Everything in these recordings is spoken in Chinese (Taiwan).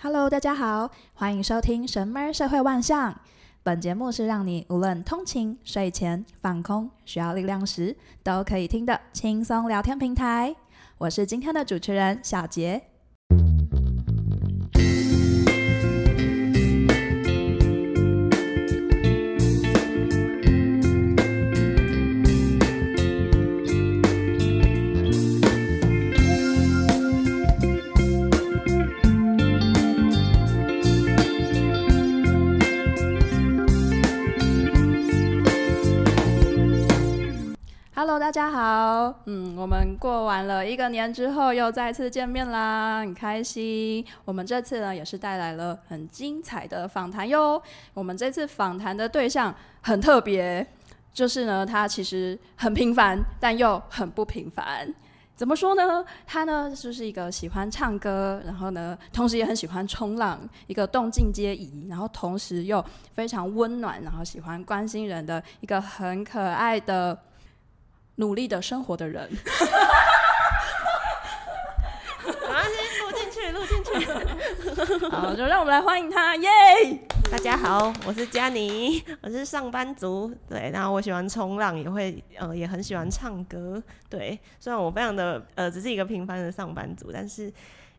Hello，大家好，歡迎收聽《什麼社會萬象》。本節目是讓你無論通勤、睡前、放空、需要力量時，都可以聽的輕鬆聊天平台。我是今天的主持人小杰。大家好，嗯，我們過完了一個年之後又再次見面啦，很開心。我們這次呢也是帶來了很精彩的訪談喲。我們這次訪談的對象很特別，就是呢他其實很平凡，但又很不平凡。怎麼說呢？他呢就是一個喜歡唱歌，然後呢同時也很喜歡衝浪，一個動靜皆宜，然後同時又非常溫暖，然後喜歡關心人的一個很可愛的。努力的生活的人，先錄進去，錄進去。好，就讓我們來歡迎他耶！Yeah! 大家好，我是佳妮，我是上班族。對，然後我喜歡衝浪，也會、呃、也很喜歡唱歌。對，雖然我非常的呃，只是一個平凡的上班族，但是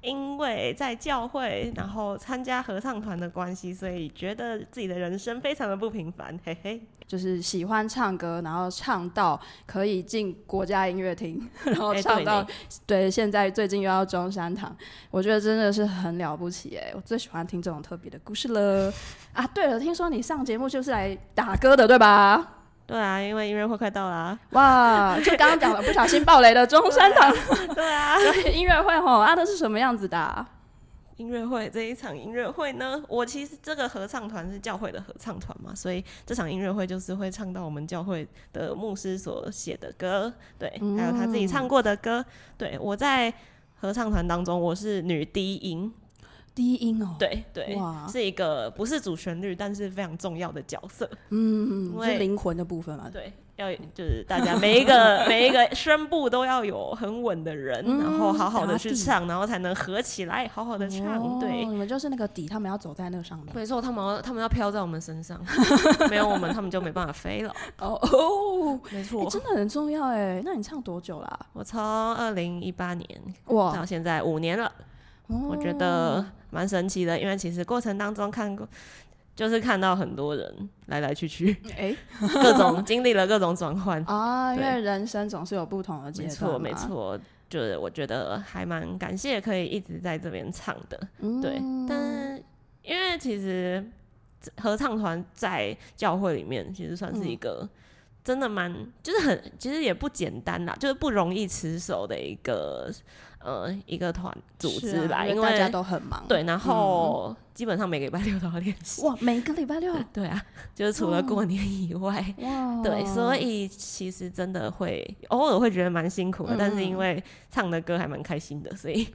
因為在教會，然後參加合唱團的關係，所以覺得自己的人生非常的不平凡。嘿嘿。就是喜歡唱歌，然後唱到可以進國家音樂廳，然後唱到，對，現在最近又要中山堂，我覺得真的是很了不起誒、欸。我最喜歡聽這種特別的故事了啊！對了，聽說你上節目就是來打歌的對吧？對啊，因為音樂會快到啦！哇，就剛剛講了不小心爆雷的中山堂，對啊，所以音樂會吼阿、啊、都是什麼樣子的、啊？音樂會，這一場音樂會呢，我其實這個合唱團是教會的合唱團嘛，所以這場音樂會就是會唱到我們教會的牧師所寫的歌，對，嗯，還有他自己唱過的歌，對，我在合唱團當中，我是女低音。低音哦，對對，是一個不是主旋律，但是非常重要的角色，嗯，因為靈魂的部分嘛，對，要就是大家每一個每一個聲部都要有很穩的人，然後好好的去唱，然後才能合起來好好的唱。對，你們就是那個底，他們要走在那個上面，沒錯，他們要他們要飄在我們身上，沒有我們他們就沒辦法飛了。哦哦，沒錯，真的很重要哎。那你唱多久了？我從二零一八年哇到現在五年了。 我覺得蠻神奇的，因為其實過程當中看過，就是看到很多人來來去去，欸、 各種經歷了各種轉換 啊，因為人生總是有不同的結果對，沒錯，就是我覺得還蠻感謝可以一直在這邊唱的，嗯、對，但是因為其實合唱團在教會裡面其實算是一個。嗯真的蠻，就是很，其實也不簡單啦，就是不容易持守的一個，呃，一個團組織吧，啊，因為大家都很忙，對。然後、嗯、基本上每個禮拜六都要練習，哇，每個禮拜六啊，嗯，對啊，就是除了過年以外，嗯、哇，對。所以其實真的會偶爾、喔、會覺得蠻辛苦的，嗯嗯，但是因為唱的歌還蠻開心的，所以，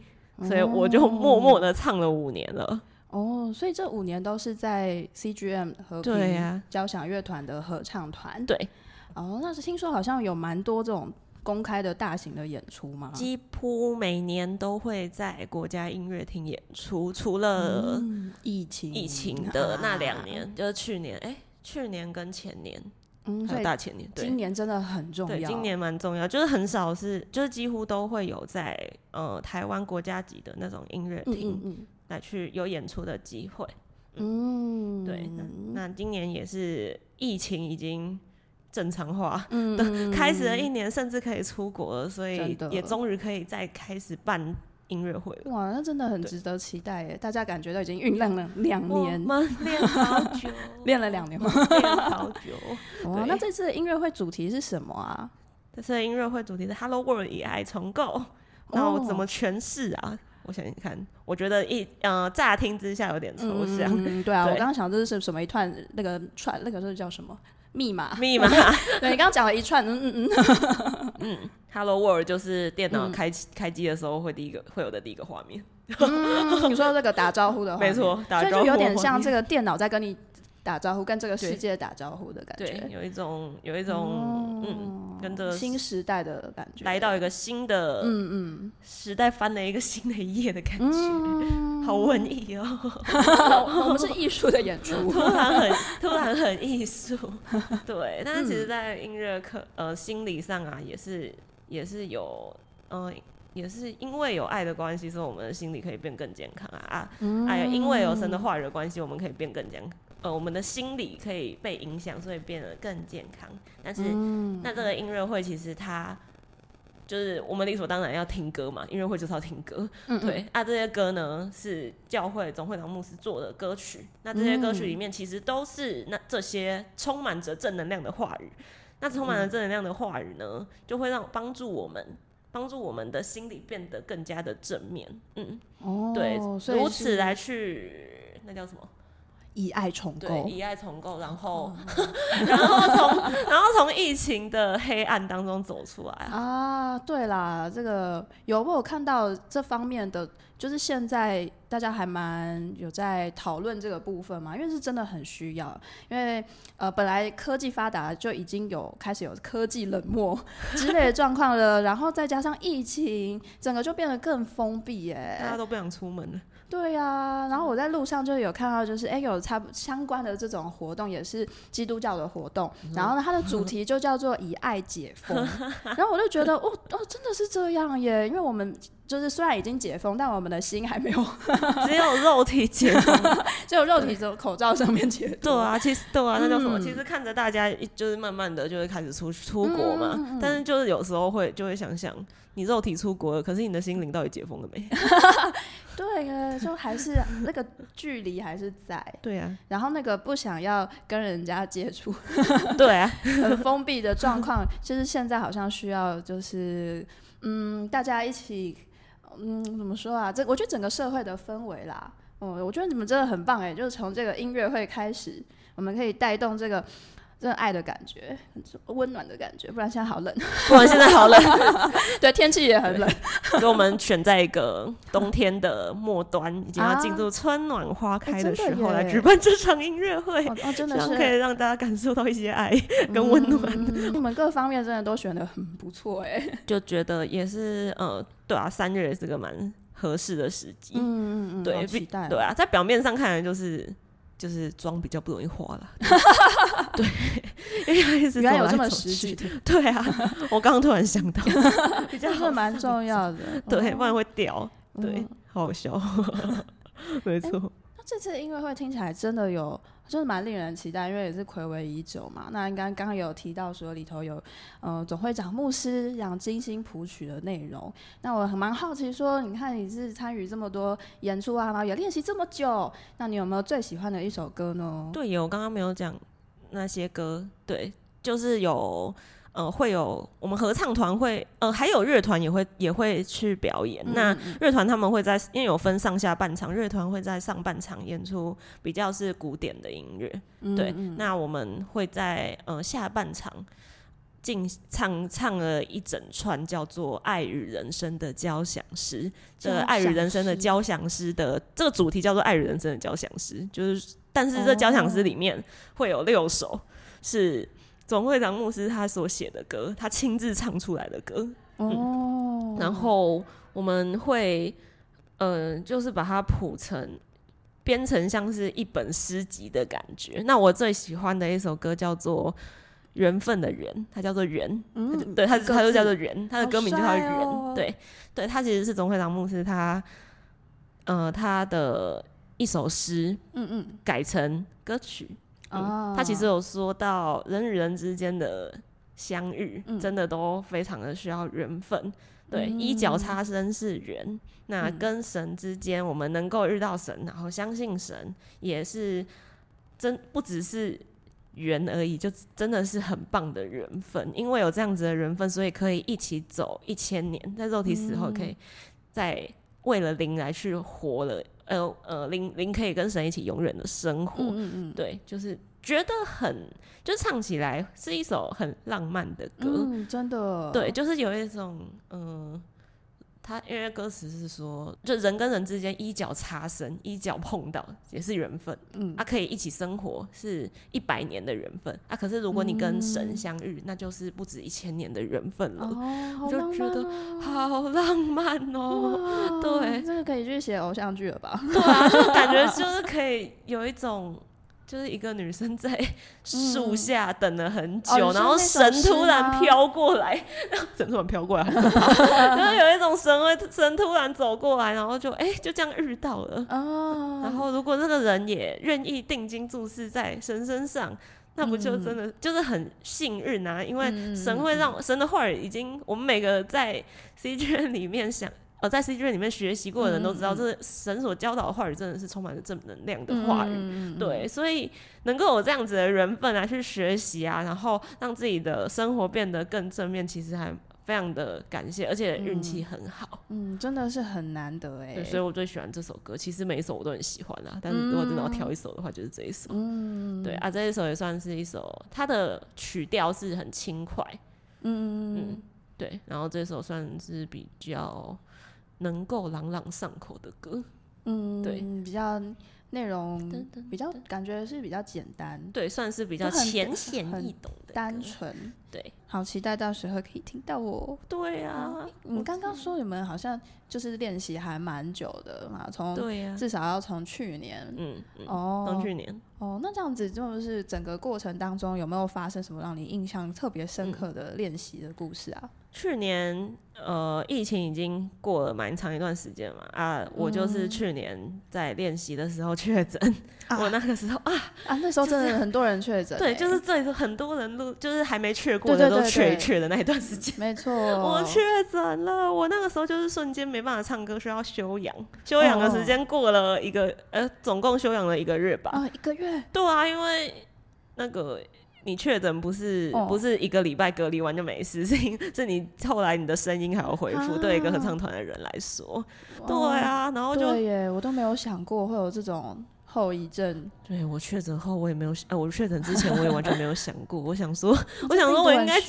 所以我就默默的唱了五年了，嗯。哦，所以這五年都是在 C G M 合，對呀，交響樂團的合唱團，對、啊。哦，oh, 那是聽說好像有蠻多這種公開的大型的演出嗎？幾乎每年都會在國家音樂廳演出，除了、嗯、疫情疫情的那兩年，啊、就是去年，哎、欸，去年跟前年，嗯，還有大前年，嗯、對，今年真的很重要，對，今年蠻重要，就是很少是，就是幾乎都會有在呃台灣國家級的那種音樂廳、嗯嗯嗯、來去有演出的機會，嗯，嗯對那，那今年也是疫情已經。正常化，嗯，開始了一年，甚至可以出國了，所以也終於可以再開始辦音樂會。哇，那真的很值得期待耶！大家感覺都已經醞釀了兩年，練好久，練了兩年嗎？練好久。哇，那這次音樂會主題是什麼啊？這次音樂會主題是 “Hello World 以愛重構”，然後怎麼詮釋啊？我想想看，我覺得一嗯，乍聽之下有點抽象。對啊，我剛剛想這是什麼一串那個串那個是叫什麼？密碼，密碼碼。 對，你剛剛講了一串，嗯嗯 嗯，嗯 ，Hello World 就是電腦開啟、嗯、開機的時候會第一個會有的第一個畫面 嗯。你說這個打招呼的話，沒錯，打招呼就就有點像這個電腦在跟你。打招呼，跟這個世界打招呼的感覺，對，有一種有一種嗯，跟着新時代的感覺，來到一個新的嗯嗯時代，翻了一個新的一頁的感覺，好文藝哦！我們是藝術的演出，突然很突然很藝術，對。但是其實，在音樂課呃心理上啊，也是也是有嗯，也是因為有愛的關係，所以我們的心理可以變更健康啊啊！哎呀，因為有神的話語關係，我們可以變更健康。呃，我們的心理可以被影響，所以變得更健康。但是，嗯、那這個音樂會其實它就是我們理所當然要聽歌嘛，音樂會就是要聽歌。嗯、對、嗯、啊，這些歌呢是教會總會長牧師做的歌曲。那這些歌曲裡面其實都是那這些充滿着正能量的話語。那充滿了正能量的話語呢，嗯、就會讓幫助我們幫助我們的心理變得更加的正面。嗯，哦、對，如此來去，那叫什麼？以愛重構，對，以愛重構，然後，嗯嗯 然後從從， 然後從疫情的黑暗當中走出來啊！對啦，這個有沒有看到這方面的？就是現在，大家還蠻有在討論這個部分嘛，因為是真的很需要。因為呃，本來科技發達就已經有開始有科技冷漠之類的狀況了， 然後再加上疫情，整個就變得更封閉耶，欸。大家都不想出門了。對啊，然後我在路上就有看到，就是哎，嗯欸，有相關的這種活動，也是基督教的活動，嗯，然後呢，它的主題就叫做以愛解封， 然後我就覺得，哦哦，真的是這樣耶，因為我們。就是雖然已經解封，但我們的心還沒有， 只有肉體解封， 只有肉體從口罩上面解封。 對啊，其實對啊，嗯、那叫什麼？其實看着大家，一就是慢慢的就會開始出出國嘛。嗯嗯、但是就是有時候會就會想想，你肉體出國了，可是你的心靈到底解封了沒？ 對啊，就還是 那個距離還是在。對啊，然後那個不想要跟人家接觸。對啊，很封閉的狀況。其實 現在好像需要就是嗯，大家一起。嗯，怎麼說啊？這我覺得整個社會的氛圍啦，哦，我覺得你們真的很棒誒、欸。就是從這個音樂會開始，我們可以帶動這個。真的愛的感覺，溫暖的感覺，不然現在好冷，不然現在好冷， 對，天氣也很冷。所以我們選在一個冬天的末端， 已經要進入春暖花開的時候來舉辦這場音樂會，哦，真的是可以讓大家感受到一些愛跟溫暖。你，嗯嗯，們各方面真的都選的很不錯哎，就覺得也是，呃，對啊，三月也是個蠻合適的時機，嗯，嗯嗯，對，對，對啊，在表面上看來就是。就是妝比較不容易花了，對，因為一在走就失去，對啊， 我剛剛突然想到， 比較個蠻重要的，對，嗯、不然會掉，對，嗯、好好笑，嗯、呵呵沒錯。欸這次音樂會聽起來真的有，就是蠻令人期待，因為也是暌違已久嘛。那應該剛剛有提到說裡頭有，呃，總會講牧師講精心譜曲的內容。那我很蠻好奇說，說你看你是參與這麼多演出啊，然後也練習這麼久，那你有沒有最喜歡的一首歌呢？對，我剛剛沒有講那些歌，對，就是有。呃，會有我們合唱團會，呃，還有樂團也會也會去表演。嗯嗯，那樂團他們會在，因為有分上下半場，樂團會在上半場演出比較是古典的音樂。嗯嗯，對，那我們會在，呃，下半場進唱唱了一整串叫做《愛與人生》的交響詩。交響詩這《愛與人生》的交響詩的這個主題叫做《愛與人生》的交響詩，就是但是這交響詩裡面會有六首是，總會長牧師他所寫的歌，他親自唱出來的歌。哦、嗯，然後我們會，嗯、呃，就是把它譜成、編成像是一本詩集的感覺。那我最喜歡的一首歌叫做《緣分的緣》，它叫做“緣、嗯。嗯，對，他它，字它就叫做“緣，他的歌名就叫“緣、哦。對，對他其實是總會長牧師他，呃，他的一首詩，嗯嗯，改成歌曲。嗯、他其實有說到人與人之間的相遇，嗯、真的都非常的需要緣分。嗯、對，嗯、衣角擦身是緣，嗯、那跟神之間，我們能夠遇到神，然後相信神，也是真不只是緣而已，就真的是很棒的緣分。因為有這樣子的緣分，所以可以一起走一千年，在肉體死後，可以再為了靈來去活了。呃呃，靈靈可以跟神一起永遠的生活，嗯嗯嗯對，就是覺得很，就唱起來是一首很浪漫的歌，嗯，真的，對，就是有一種嗯。呃他因為歌詞是說，就人跟人之間一腳擦身、一腳碰到也是緣分，嗯，他、啊、可以一起生活是一百年的緣分啊。可是如果你跟神相遇，嗯、那就是不止一千年的緣分了。我、哦、就覺得好浪漫哦、喔，哇對，這個可以去寫偶像劇了吧？對啊，就感覺就是可以有一種。就是一個女生在樹下等了很久，嗯、然後神突然飄過來，哦、 神突然飄過來， 然後有一種神會神突然走過來，然後就哎、欸、就這樣遇到了。哦、然後如果那個人也願意定睛注視在神身上，嗯、那不就真的就是很幸運吶、啊？因為神會讓神的話已經我們每個在 CGM 裡面想。我、啊、在 CG 裡面學習過的人都知道，這神所教導的話語真的是充滿了正能量的話語。嗯、對，所以能夠有這樣子的人份來、啊、去學習啊，然後讓自己的生活變得更正面，其實還非常的感謝，而且運氣很好嗯。嗯，真的是很難得哎、欸。所以我最喜歡這首歌，其實每一首我都很喜歡啊，但是如果真的要挑一首的話，就是這一首。嗯、對啊，這一首也算是一首，它的曲調是很輕快。嗯，嗯，對，然後這首算是比較。能夠朗朗上口的歌，嗯，對，比較內容比較感覺是比較簡單，燈燈燈，對，算是比較淺顯易懂的，單純，對，好期待到時候可以聽到我。對啊，嗯，你剛剛說你們好像就是練習還蠻久的嘛，從對、啊，至少要從去年，嗯，嗯哦，從去年，哦，那這樣子就是整個過程當中有沒有發生什麼讓你印象特別深刻的練習的故事啊？去年呃，疫情已經過了蠻長一段時間嘛啊，我就是去年在練習的時候確診，嗯、我那個時候啊啊,啊,啊，那時候真的很多人確診、欸，對，就是這裡很多人都就是還沒確過的都確一確的那一段時間，沒錯錯，我確診了，我那個時候就是瞬間沒辦法唱歌，需要休養，休養的時間過了一個、哦、呃，總共休養了一個月吧啊，一個月，對啊，因為那個。你確診不是，oh. 不是一個禮拜隔離完就沒事，是是你後來你的聲音還有恢復，ah. 對一個合唱團的人來說，Wow. 對啊，然後就對耶，我都沒有想過會有這種後遺症。對，我確診後我也沒有想，哎、啊，我確診之前我也完全沒有想過， 我想說，我想說我應該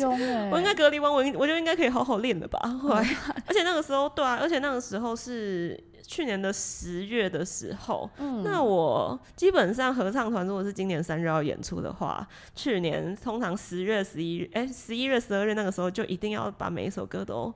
我應該隔離完我我就應該可以好好練了吧，後來， 而且那個時候對啊，而且那個時候是。去年的十月的時候，嗯、那我基本上合唱團如果是今年三月要演出的話，去年通常十月十一日，哎、欸，十一月十二日那個時候就一定要把每一首歌都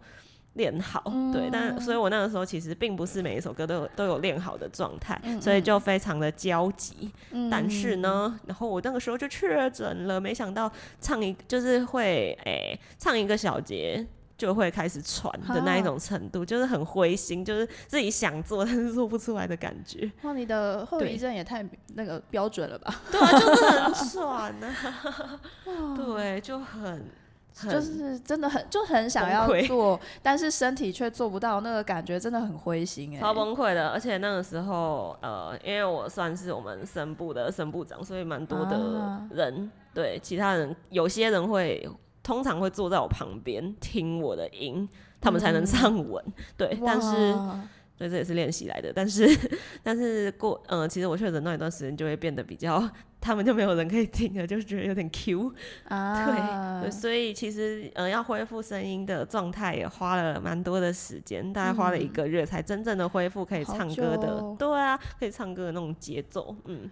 練好，嗯、對。但所以，我那個時候其實並不是每一首歌都有都有練好的狀態，嗯嗯，所以就非常的焦急。嗯、但是呢，然後我那個時候就確診了，沒想到唱一就是會哎、欸、唱一個小節。就會開始喘的那一種程度，啊、就是很灰心，就是自己想做但是做不出來的感覺。哇，你的後遺症也太對那個標準了吧？對啊，就是很喘啊。 對，就很，啊、很就是真的很就很想要做，潰但是身體卻做不到那個感覺，真的很灰心哎、欸。超崩潰的，而且那個時候呃，因為我算是我們聲部的聲部長，所以蠻多的人、啊、哈對其他人有些人會。通常會坐在我旁邊聽我的音，他們才能唱穩。對，但是，所以這也是練習來的。但是，但是過，嗯、呃，其實我確診那段時間就會變得比較，他們就沒有人可以聽了，就是覺得有點 Q、啊、對、對，所以其實，嗯、呃，要恢復聲音的狀態也花了蠻多的時間，嗯、大概花了一個月才真正的恢復可以唱歌的。就對啊，可以唱歌的那種節奏，嗯，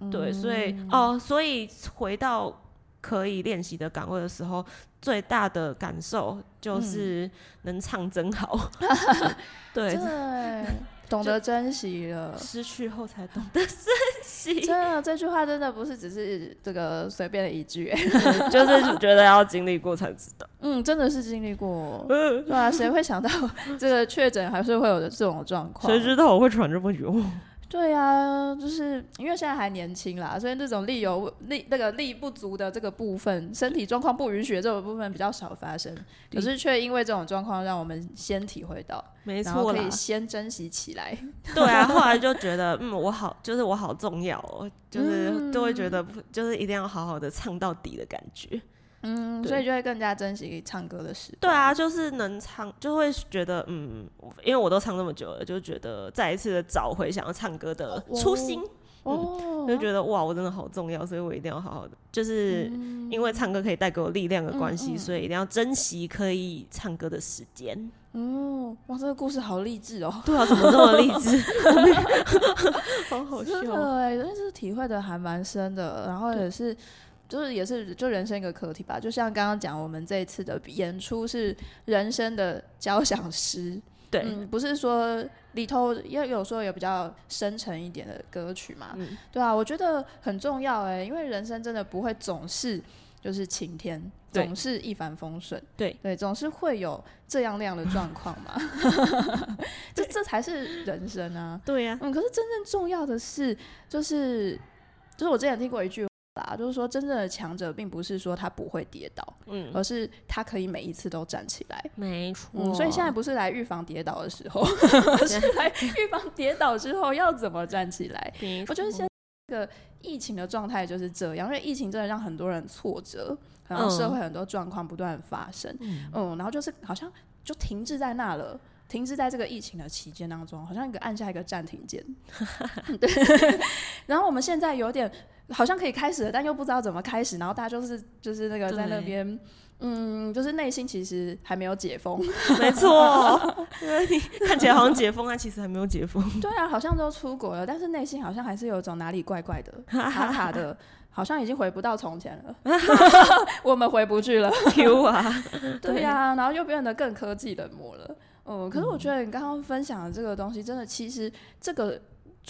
嗯對，所以哦，所以回到。可以練習的崗位的時候，最大的感受就是能唱真好。嗯、 對，真的懂得珍惜了，失去後才懂得珍惜。真的，這句話真的不是只是這個隨便的一句， 就是覺得要經歷過才知道。 嗯，真的是經歷過。 對啊，誰會想到這個確診還是會有這種狀況？誰知道我會喘這麼久？對啊，就是因為現在還年輕啦，所以那種力有力那個力不足的這個部分，身體狀況不允許的這種部分比較少發生，可是卻因為這種狀況讓我們先體會到，沒錯，然後可以先珍惜起來。對啊， 後來就覺得嗯，我好，就是我好重要哦，就是都會覺得、嗯、就是一定要好好的唱到底的感覺。嗯，所以就會更加珍惜唱歌的時間。對啊，就是能唱，就會覺得嗯，因為我都唱這麼久了，就覺得再一次的找回想要唱歌的初心。哦。就覺得哇，我真的好重要，所以我一定要好好的，就是因為唱歌可以帶給我力量的關係，所以一定要珍惜可以唱歌的時間。哦，哇，這個故事好勵志哦。對啊，怎麼這麼勵志？好好笑。對，但是體會的還蠻深的，然後也是。就是也是就人生一個課題吧，就像剛剛講，我們這一次的演出是人生的交響詩，對、嗯，不是說裡頭要有時候有比較深沉一點的歌曲嘛，嗯、對啊，我覺得很重要哎、欸，因為人生真的不會總是就是晴天，對總是一帆風順，對對，總是會有這樣那樣的狀況嘛，這 這才是人生啊，對呀、啊，嗯，可是真正重要的是，就是就是我之前聽過一句。啊，就是說，真正的強者並不是說他不會跌倒，嗯，而是他可以每一次都站起來，沒錯，沒錯、嗯。所以現在不是來預防跌倒的時候， 而是來預防跌倒之後要怎麼站起來。沒錯。我覺得現在這個疫情的狀態就是這樣，因為疫情真的讓很多人挫折，然後社會很多狀況不斷發生，嗯，嗯，然後就是好像就停滯在那了，停滯在這個疫情的期間當中，好像一個按下一個暫停鍵。對， 然後我們現在有點。好像可以開始了，但又不知道怎麼開始。然後大家就是就是那個在那邊，對嗯，就是內心其實還沒有解封，沒錯， 看起來好像解封啊， 其實還沒有解封。對啊，好像都出國了，但是內心好像還是有種哪裡怪怪的、 卡卡的，好像已經回不到從前了。我們回不去了，丟啊！對啊，然後又變得更科技冷漠了。嗯，可是我覺得你剛剛分享的這個東西，真的，其實這個。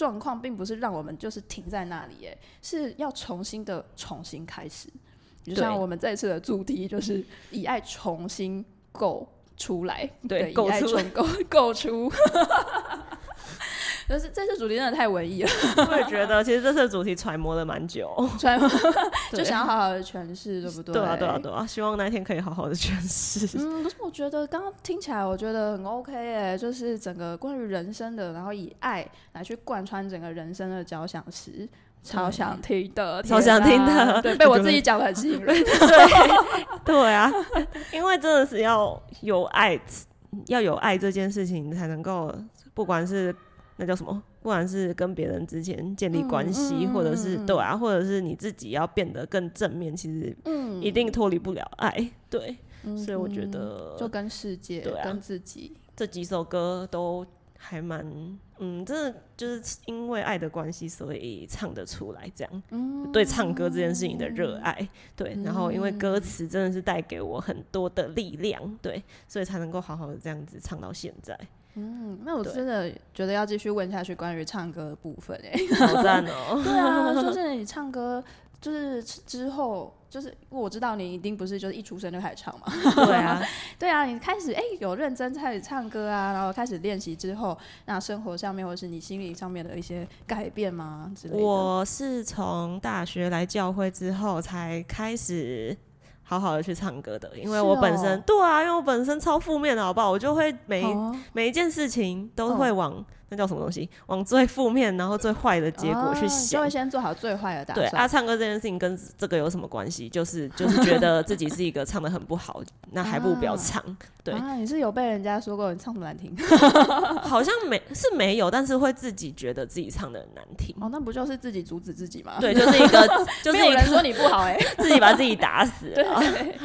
狀況並不是讓我們就是停在那裡，誒，是要重新的重新開始，就像我們這次的主題就是以愛重新構出來，對，以愛重構構出。 就是這次主題真的太文藝了， 我也覺得。其實這次主題揣摩了蠻久，哦，揣摩 就想好好的詮釋，對不對？對啊，對啊，對啊，希望那天可以好好的詮釋。嗯，不是，我覺得剛剛聽起來我覺得很 OK 耶、欸，就是整個關於人生的，然後以愛來去貫穿整個人生的交響詩，超想聽的，嗯啊、超想聽的、啊。對，被我自己講的很興奮。 對， 對，對啊，因為真的是要有愛，要有愛這件事情才能夠，不管是。那叫什麼？不管是跟別人之前建立關係，嗯嗯、或者是對啊，或者是你自己要變得更正面，其實嗯，一定脫離不了愛。對，嗯、所以我覺得就跟世界、對啊、跟自己這幾首歌都還蠻嗯，真的就是因為愛的關係，所以唱得出來這樣。嗯、對，唱歌這件事情的熱愛，嗯、對，然後因為歌詞真的是帶給我很多的力量，對，所以才能夠好好的這樣子唱到現在。嗯，那我真的覺得要繼續問下去關於唱歌的部分哎、欸，好讚哦！對啊，就是你唱歌，就是之後，就是我知道你一定不是就是一出生就開始唱嘛，對啊，對啊，你開始哎、欸，有認真開始唱歌啊，然後開始練習之後，那生活上面或是你心理上面的一些改變嗎？之類的。我是從大學來教會之後才開始。好好的去唱歌的。因為我本身、是喔、對啊，因為我本身超負面的，好不好？我就會每、好啊、每一件事情都會往。嗯。那叫什麼東西？往最負面，然後最壞的結果去想，啊，就會先做好最壞的打算。對啊，唱歌這件事情跟這個有什麼關係？就是就是覺得自己是一個唱的很不好， 那還不如不要唱？啊、對、啊，你是有被人家說過你唱得難聽？ 好像沒是沒有，但是會自己覺得自己唱的難聽哦，啊。那不就是自己阻止自己嗎？對，就是一個就是個 有人說你不好哎，欸， 自己把自己打死了對，啊。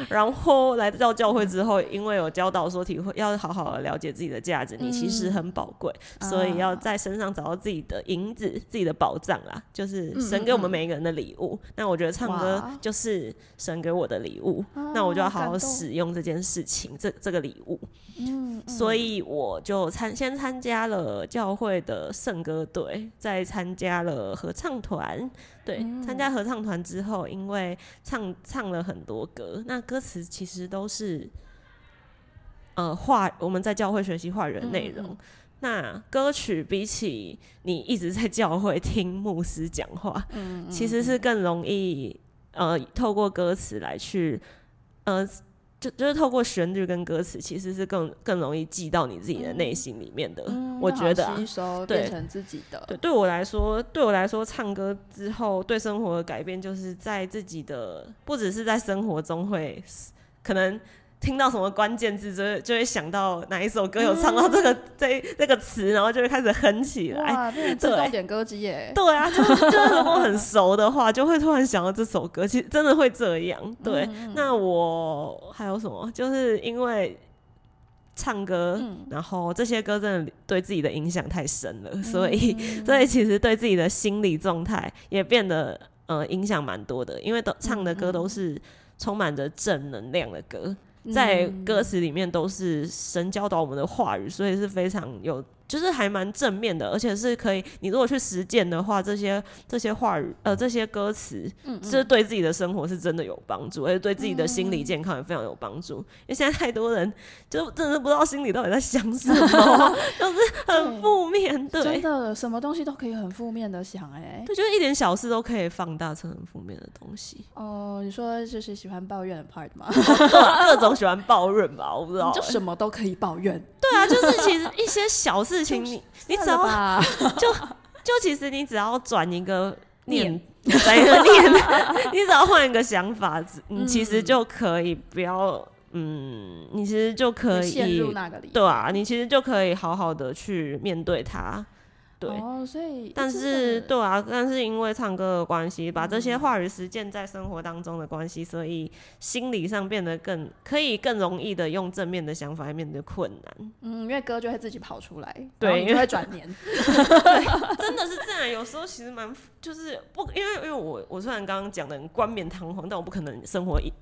然後來到教會之後，因為有教導說體會要好好的了解自己的價值，你其實很寶貴，嗯，所以。啊要在身上找到自己的銀子，自己的寶藏啦。就是神給我們每一個人的禮物。嗯嗯，那我覺得唱歌就是神給我的禮物，哇那我就要好好使用這件事情，啊、這這個禮物。嗯嗯，所以我就參先參加了教會的聖歌隊，再參加了合唱團。對，嗯、參加合唱團之後，因為唱唱了很多歌，那歌詞其實都是呃話，我們在教會學習話人的內容。嗯嗯那歌曲比起你一直在教會聽牧師講話，嗯、其實是更容易、嗯、呃透過歌詞來去，呃就就是透過旋律跟歌詞，其實是更更容易記到你自己的內心裡面的。嗯、我覺得、啊嗯嗯、吸收對變成自己的。對。對我來說，對我來說，唱歌之後對生活的改變，就是在自己的，不只是在生活中會可能。聽到什麼關鍵字就會，就就會想到哪一首歌有唱到這個、嗯、這這、那個詞，然後就會開始哼起來。哇，這是點歌機耶，欸！對啊，就是如果很熟的話，就會突然想到這首歌。其實真的會這樣。對，嗯嗯，那我還有什麼？就是因為唱歌，嗯、然後這些歌真的對自己的影響太深了，嗯嗯，所以所以其實對自己的心理狀態也變得呃影響蠻多的，因為都唱的歌都是充滿着正能量的歌。在歌詞裡面都是神教導我們的話語，所以是非常有。就是還蠻正面的，而且是可以，你如果去實踐的話，這些這些話語呃這些歌詞，嗯，嗯，是對自己的生活是真的有幫助，嗯嗯，而且對自己的心理健康也非常有幫助。嗯嗯，因為現在太多人就真的不知道心裡到底在想什麼， 就是很負面，對對的。真的什麼東西都可以很負面的想。欸，哎，對，就是一點小事都可以放大成很負面的東西。哦、呃，你說就是喜歡抱怨的 part 嗎？各種喜歡抱怨吧，我不知道。欸，就什麼都可以抱怨。對啊，就是其實一些小事。事情你就你只要 就就其實你只要轉一個念，轉一個念， 你只要換一個想法，嗯、你其實就可以、嗯、不要嗯，你其實就可以對啊，你其實就可以好好的去面對他。對，oh, 所以但是對啊，但是因為唱歌的關係，嗯、把這些話語實踐在生活當中的關係，所以心理上變得更可以更容易的用正面的想法來面對困難。嗯，因為歌就會自己跑出來，對，會轉念因為轉念。 真的是這樣，有時候其實蠻就是不，因為因為我我雖然剛剛講的很冠冕堂皇，但我不可能生活一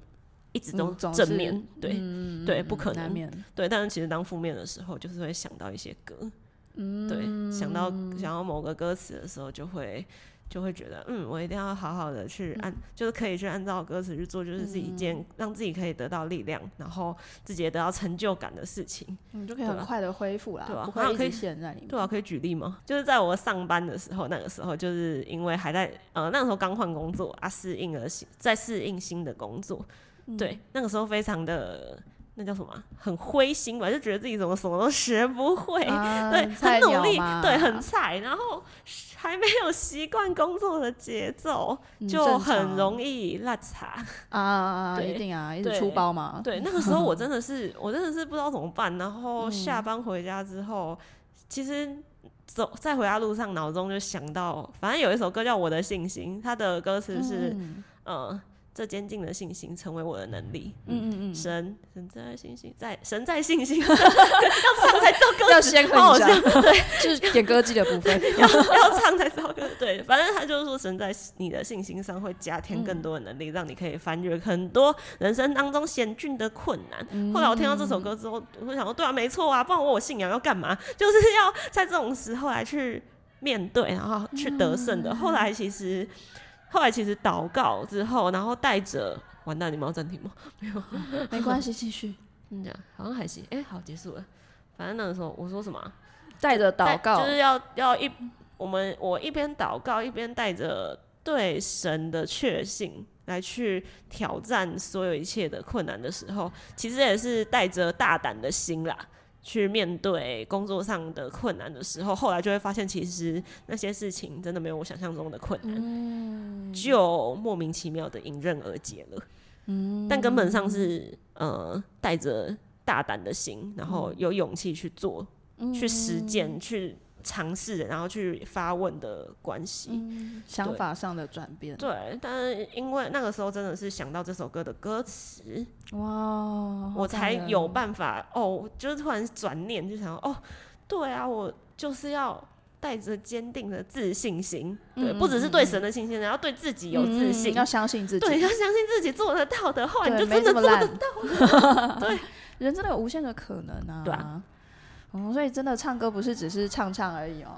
一直都正面、嗯、對，對，不可能邊對，但是其實當負面的時候，就是會想到一些歌。嗯，對，想到想要某個歌詞的時候，就會就會覺得，嗯，我一定要好好的去按，嗯、就是可以去按照歌詞去做，就是是一件讓自己可以得到力量，然後自己也得到成就感的事情，你、嗯、就可以很快的恢復啦，對吧？然後可以現在裡面對啊，可以舉例嗎？就是在我上班的時候，那個時候就是因為還在呃，那個、時候剛換工作啊，適應而在適應新的工作，嗯、對，那個時候非常的。那叫什麼？很灰心吧，就覺得自己怎麼什麼都學不會，對，很努力，對，很菜，然後還沒有習慣工作的節奏，就很容易落漆啊！對，一定啊，一定出包嘛。對，那個時候我真的是，我真的是不知道怎麼辦。然後下班回家之後，其實走在回家路上，腦中就想到，反正有一首歌叫《我的信心》，它的歌詞是，嗯。這堅定的信心成為我的能力。嗯嗯，嗯神神在信心在神在信心，要唱才唱歌 要先困難，哦就是，對， 就是點歌技的部分，對 要，要唱才唱歌，對，反正他就是說神在你的信心上會加添更多的能力，嗯、讓你可以翻越很多人生當中險峻的困難。嗯、後來我聽到這首歌之後，我會想說對啊，沒錯啊，不然我，我信仰要幹嘛？就是要在這種時候來去面對，然後去得勝的。嗯、後來其實。後來其實禱告之後，然後帶着……完蛋，你們要暫停嗎？沒有，嗯、 沒關係，繼續。這樣、嗯、好像還行。哎、欸，好，結束了。反正那個時候我說什麼，帶着禱告，就是要要一我們我一邊禱告一邊帶着對神的確信來去挑戰所有一切的困難的時候，其實也是帶着大膽的心啦。去面對工作上的困難的時候，後來就會發現，其實那些事情真的沒有我想象中的困難，嗯、就莫名其妙的迎刃而解了。嗯、但根本上是呃帶着大膽的心，然後有勇氣去做，嗯、去實踐，去。嘗試，然後去發問的關係，嗯、對想法上的轉變。對，但是因為那個時候真的是想到這首歌的歌詞哇，wow, 我才有辦法哦，就是突然轉念就想哦，對啊，我就是要帶着堅定的自信心，嗯、對，不只是對神的信心，然後對自己有自信，嗯嗯、要相信自己，對，要相信自己做得到的話，對你就真的做得到的。對， 人真的有無限的可能啊。對啊嗯、所以真的唱歌不是只是唱唱而已哦，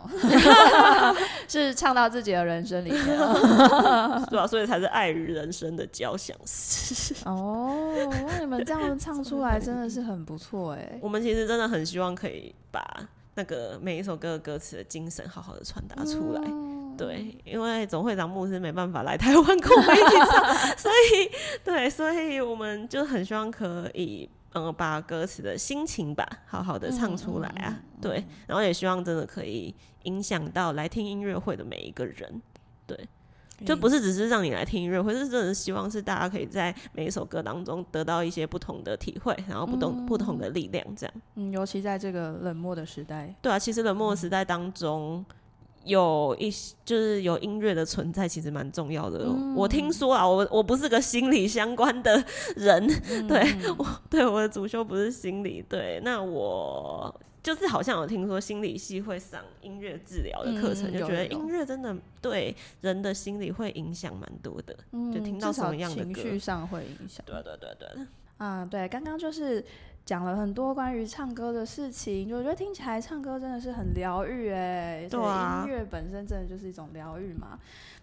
是唱到自己的人生裡面，是吧？所以才是愛與人生的交響詩哦。那你們這樣唱出來真的是很不錯哎、欸。 我們其實真的很希望可以把那個每一首歌的歌詞的精神好好的傳達出來，嗯、對，因為總會長牧師沒辦法來台灣跟我們一起唱， 所以對，所以我們就很希望可以。把歌詞的心情吧，好好的唱出來啊！嗯嗯、對，然後也希望真的可以影響到來聽音樂會的每一個人。對，可以就不是只是讓你來聽音樂會，是真的希望是大家可以在每一首歌當中得到一些不同的體會，然後不同、嗯、不同的力量，這樣。嗯，尤其在這個冷漠的時代，對啊，其實冷漠的時代當中。嗯有一些就是有音樂的存在，其實蠻重要的。嗯、我聽說啊，我我不是個心理相關的人，嗯、對我，對，我的主修不是心理，對，那我就是好像有聽說心理系會上音樂治療的課程，嗯、就覺得音樂真的對人的心理會影響蠻多的，嗯、就聽到什麼樣的歌，情緒上會影響。對，對對對對，啊，對，剛剛就是。講了很多關於唱歌的事情，我覺得聽起來唱歌真的是很療癒哎。對啊，所以音樂本身真的就是一種療癒嘛。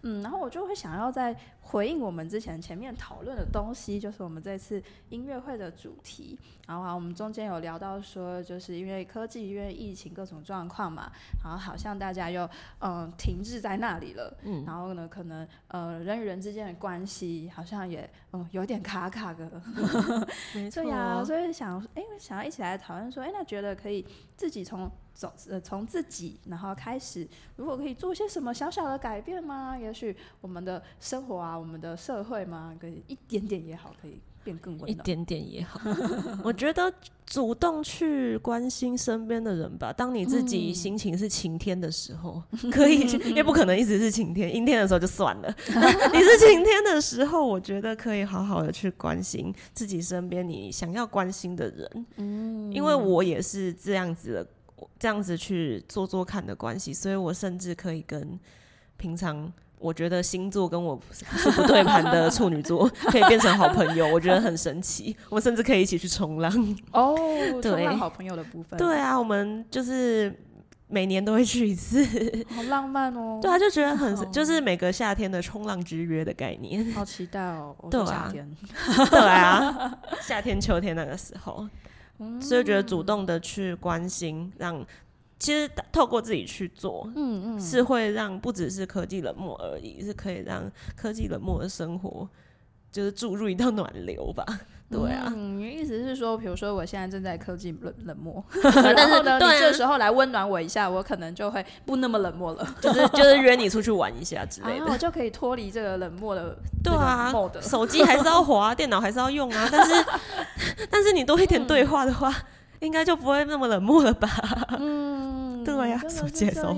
嗯，然後我就會想要在回應我們之前前面討論的東西，就是我們這次音樂會的主題。然後啊，我們中間有聊到說，就是因為科技，因為疫情各種狀況嘛，然後好像大家又嗯停滯在那裡了。嗯。然後呢，可能呃人與人之間的關係好像也嗯有點卡卡的。 沒錯。對呀，啊，所以想。哎，我想要一起來討論說，哎，那覺得可以自己從走呃，從自己然後開始，如果可以做些什麼小小的改變嗎？也許我們的生活啊，我們的社會嘛？可以一點點也好，可以。一點點也好， 我覺得主動去關心身邊的人吧。當你自己心情是晴天的時候，可以去，也不可能一直是晴天。陰天的時候就算了。 你是晴天的時候，我覺得可以好好的去關心自己身邊你想要關心的人。嗯，因為我也是這樣子的，這樣子去做做看的關係，所以我甚至可以跟平常。我覺得星座跟我是不，是不對盤的，處女座可以變成好朋友， 我覺得很神奇。我們甚至可以一起去衝浪哦，對，好朋友的部分。對啊，我們就是每年都會去一次，好浪漫哦。 對啊，就覺得很、嗯、就是每個夏天的衝浪之約的概念，好期待哦。夏天對啊，對啊， 夏天、秋天那個時候，嗯、所以覺得主動的去關心，讓。其實透過自己去做，嗯嗯，是會讓不只是科技冷漠而已，是可以讓科技冷漠的生活就是注入一道暖流吧。對啊，嗯，意思是說，比如說我現在正在科技冷、冷漠，然後呢，你這時候來溫暖我一下，我可能就會不那麼冷漠了。就是就是約你出去玩一下之類的，我就可以脫離這個冷漠的。對啊，手機還是要滑，電腦還是要用啊，但是但是你多一點對話的話，應該就不會那麼冷漠了吧？嗯。嗯、對呀、啊，真的是這樣。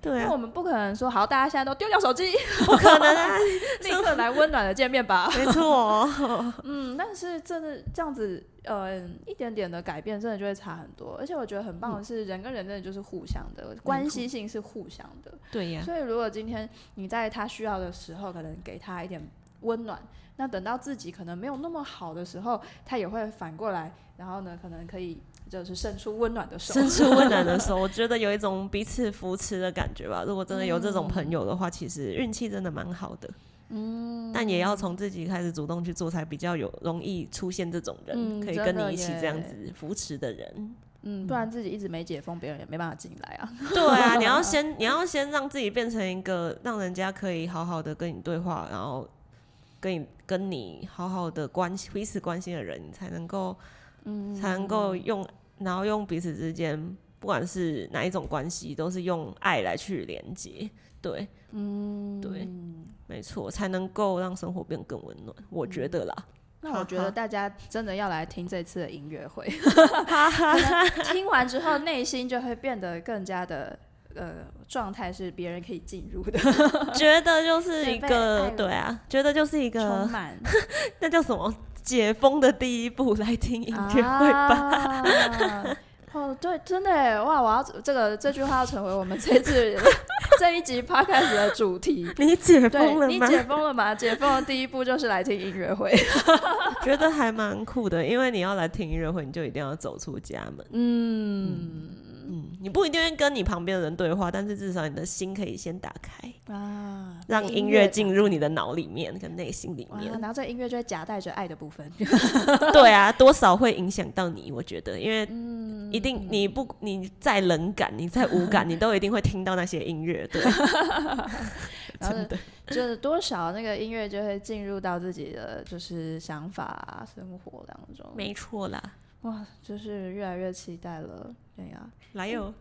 對、啊，因為我們不可能說好，大家現在都丟掉手機，不可能、啊、 立刻來溫暖的見面吧。沒錯、哦。 嗯，但是真的這樣子、呃，一點點的改變，真的就會差很多。而且我覺得很棒的是，人跟人真的就是互相的，嗯、關係性是互相的。對呀、啊。所以如果今天你在他需要的時候，可能給他一點溫暖，那等到自己可能沒有那麼好的時候，他也會反過來，然後呢，可能可以。就是伸出溫暖的手，伸 出溫暖的手，我覺得有一種彼此扶持的感覺吧。如果真的有這種朋友的話，其實運氣真的蠻好的。嗯，但也要從自己開始主動去做，才比較有容易出現這種人，可以跟你一起這樣子扶持的人。嗯，真的耶。嗯，不然自己一直沒解封，別人也沒辦法進來啊。對啊，你要先， 你要先讓自己變成一個讓人家可以好好的跟你對話，然後跟你跟你好好的關係、彼此關心的人，你才能夠。才能夠用，然後用彼此之間，不管是哪一種關係，都是用愛來去連接，對，嗯，對，沒錯，才能夠讓生活變得更溫暖，我覺得啦。那我覺得大家真的要來聽這次的音樂會，聽完之後內心就會變得更加的，呃，狀態是別人可以進入的，覺得就是一個，對啊，覺得就是一個充滿，那叫什麼？解封的第一步，來聽音樂會吧。啊、 哦，對，真的，哇！我要這個這句話要成為我們這次 這一集 podcast 的主題你。你解封了嗎？你解封了嗎？解封的第一步就是來聽音樂會。 覺得還蠻酷的，因為你要來聽音樂會，你就一定要走出家門。嗯。嗯嗯、你不一定會跟你旁邊的人對話，但是至少你的心可以先打開啊，讓音樂進入你的腦裡面跟、啊、內心裡面，啊、然後這音樂就會夾帶着愛的部分。 對啊，多少會影響到你，我覺得，因為一定、嗯、你不你在冷感，你在無感，嗯、你都一定會聽到那些音樂，對， 真的，就是多少那個音樂就會進入到自己的就是想法、啊、生活當中，沒錯啦。哇，就是越來越期待了，對呀，來喲！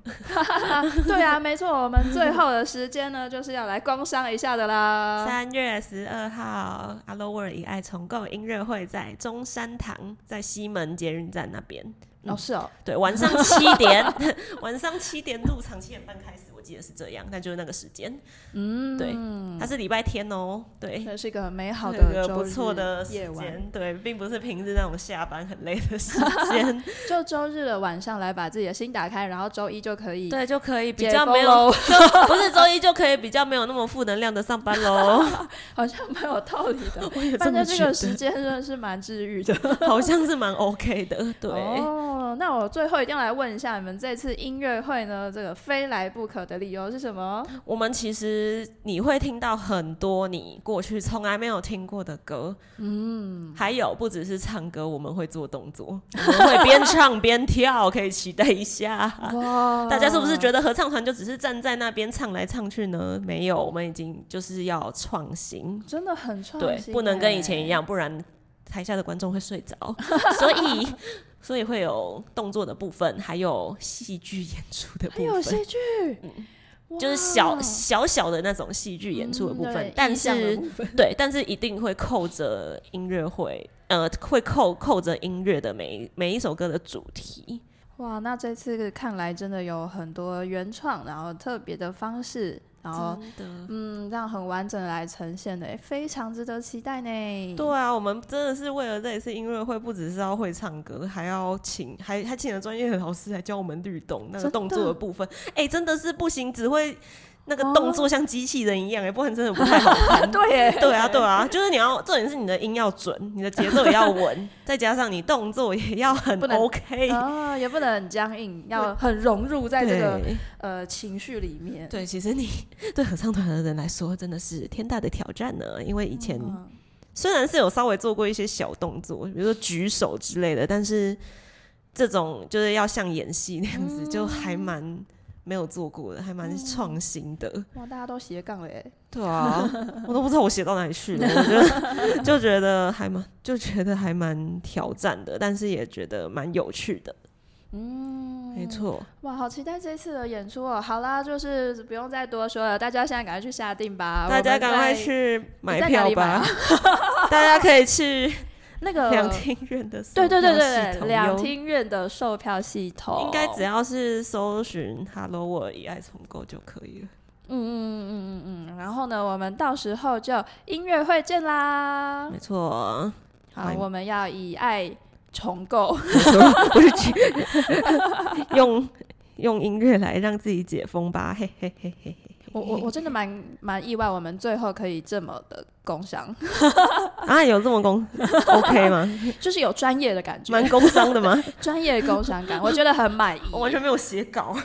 對啊， 沒錯，我們最後的時間呢，就是要來工商一下的啦。三 月十二號 Hello World 以愛重構音樂會，在中山堂，在西門捷運站那邊。嗯、哦，是哦，對，晚上七點， 晚上七點入場，七點半開始。也是這樣，但就是那個時間，嗯，對，它是禮拜天哦、喔，對，那是一個美好的夜晚、一個不錯的夜晚，對，並不是平時那種下班很累的時間， 就周日的晚上來把自己的心打開，然後周一就可以，對，就可以比較沒有， 不是周一就可以比較沒有那麼負能量的上班嘍， 好像蠻有道理的， 我也覺得這個時間真的是蠻治癒的， 好像是蠻 OK 的，對。哦那我最後一定要來問一下，你們這次音樂會呢？這個非來不可的理由是什麼？我們其實你會聽到很多你過去從來沒有聽過的歌，嗯，還有不只是唱歌，我們會做動作， 我們會邊唱邊跳，可以期待一下。哇！大家是不是覺得合唱團就只是站在那邊唱來唱去呢？嗯、沒有，我們已經就是要創新，真的很創新、欸對，不能跟以前一樣，不然。台下的觀眾會睡着， 所以所以會有動作的部分，還有戲劇演出的部分，有戲劇，嗯、哇就是小小小的那種戲劇演出的部分。嗯、但是思對，但是一定會扣着音樂會， 呃，會扣扣着音樂的每每一首歌的主題。哇，那這次看來真的有很多原創，然後特別的方式。好的嗯，這樣很完整來呈現的，哎，非常值得期待呢。對啊，我們真的是為了這一次音樂會，不只是要會唱歌，還要請，還還請了專業的老師來教我們律動那個動作的部分。哎的、欸，真的是不行，只會。那個動作像機器人一樣、欸，也不能真的不太好看。 對耶，對，啊、對啊，對啊，就是你要重點是你的音要準，你的節奏也要穩， 再加上你動作也要很 OK，不、哦、也不能很僵硬，要很融入在這個對呃情緒裡面。對，其實你對合唱團的人來說真的是天大的挑戰呢、啊，因為以前雖然是有稍微做過一些小動作，比如說舉手之類的，但是這種就是要像演戲那樣子，嗯、就還蠻。沒有做過的，還蠻創新的。嗯、哇，大家都斜槓了耶？對啊， 我都不知道我斜到哪裡去了。我覺得 就覺得還蠻就覺得還蠻挑戰的，但是也覺得蠻有趣的。嗯，沒錯錯。哇，好期待這次的演出哦、喔！好啦，就是不用再多說了，大家現在趕快去下定吧！大家趕快去買票吧！吧 大家可以去。那個兩廳院的對對對對對，兩廳院的售票系統應該只要是搜尋 “Hello World 以愛重構”就可以了。嗯嗯嗯嗯嗯嗯，然後呢，我們到時候就音樂會見啦。沒錯，好，好，我們要以愛重構， 用用音樂來讓自己解封吧？嘿嘿嘿嘿。我我我真的蠻蠻意外，我們最後可以這麼的工商 啊，有這麼工 OK 嗎？就是有專業的感覺，蠻工商的嗎？ 專業的工商感， 我覺得很滿意，我完全沒有寫稿。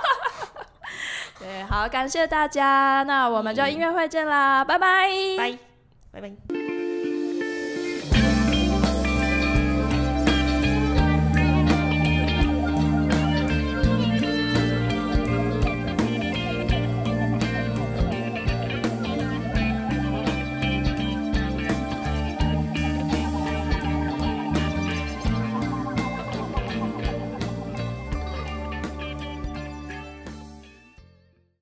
對，好，感謝大家，那我們就音樂會見啦，拜拜，嗯，拜拜拜。Bye bye